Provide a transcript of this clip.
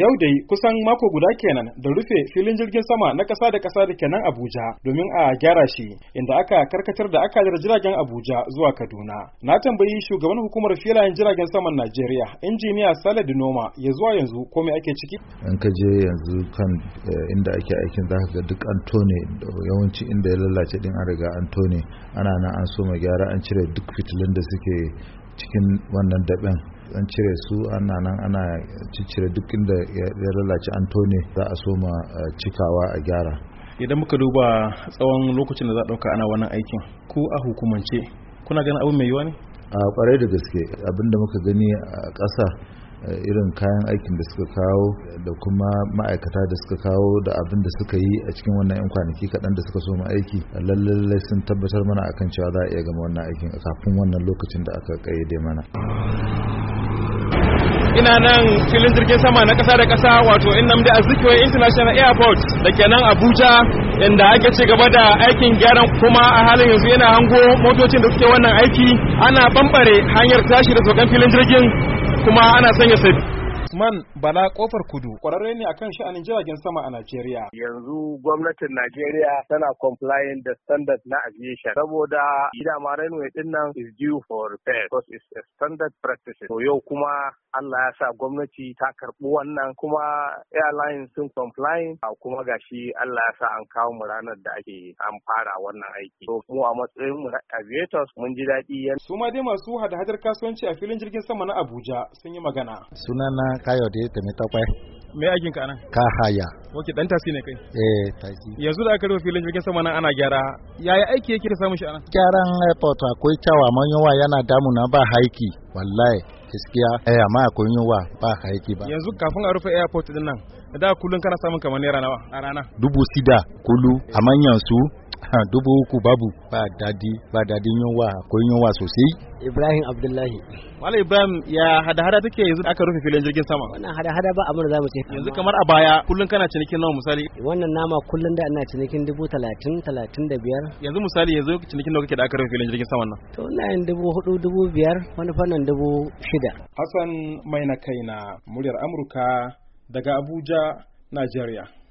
Yau dai kusan mako guda kenan da rufe filin jirgin sama na kasa da kasa da kenan Abuja domin a gyara shi inda aka karkatar da akalar jiragen Abuja zuwa Kaduna. Na tambayi shugaban hukumar filayen jiragen saman Najeriya, injiniya Salad Noma, ya zuwa yanzu ko me ake ciki? In ka je yanzu kan eh, inda ake aikin za ka ga duk an tone yawanci inda ya lalace din an riga an tone ana nan an so soma gyara an cire duk fitilun da suke cikin wannan daɓen an cire su ana nan ana ciccire duk inda ya lalace an tone za a soma eh, cikawa a gyara idan muka duba tsawon lokacin da za a ɗauka ana wannan aikin ku a hukumance kuna ganin abu mai yiwa ne a kwarai da gaske abin da muka gani a ƙasa Eh, irin kayan aikin da suka kawo da kuma ma'aikata da suka kawo da abin da suka yi a cikin wannan 'yan kwanaki kaɗan da suka so mu aiki lallai sun tabbatar mana akan cewa za a iya gama wannan aikin kafin wannan lokacin da aka kayyade mana ina nan filin jirgin sama na kasa da kasa wato Nnamdi Azikiwe International Airport da ke Abuja inda ake ci gaba da aikin gyaran kuma a halin yanzu yana hango motocin da suke wannan aiki ana bambare hanyar tashi da tsokan filin jirgin kuma ana sanya Usman Bala kofar kudu kwararre ne akan sha'anin jiragen sama a Najeriya. Yanzu gwamnatin Najeriya tana complying da standard na aviation saboda gida ma railway din nan is due for repair because it's a standard practice. To yau kuma Allah ya sa gwamnati ta karɓi wannan kuma airlines sun complying ah, kuma gashi Allah ya sa an kawo mu ranar da ake an fara wannan aiki. To mu a matsayin mu aviators mun ji daɗi. Su ma dai masu hada-hadar kasuwanci a filin jirgin sama na Abuja sun yi magana. Sunana kayo da mai takwai. Mai aikin ka nan? Ka haya. Ok, dan tasi ne kai? Eh, tasi. Yanzu da aka rufe filin jirgin sama nan ana gyara. Yaya aiki yake da samun shi anan? Gyaran airport akwai kyawa man yawa yana damuna ba haiki. Wallahi gaskiya eh amma akwai yawa ba haiki ba. Yanzu kafin a rufe airport din nan, da kullun kana samun kamar naira nawa a rana? Dubu sida kulu a manyan su dubu uku babu ba dadi ba dadin yunwa akwai yunwa sosai Ibrahim Abdullahi wala Ibrahim ya hada-hada take yanzu aka rufe filin jirgin sama wannan hada-hada ba amma za mu ce yanzu kamar a baya kullun kana cinikin nawa misali wannan nama kullun da ina cinikin dubu talatin talatin da biyar yanzu misali yanzu cinikin nawa kake da aka rufe filin jirgin sama nan to ina yin dubu hudu dubu biyar wani fannin dubu shida Hassan Maina Kaina muryar Amurka daga Abuja Najeriya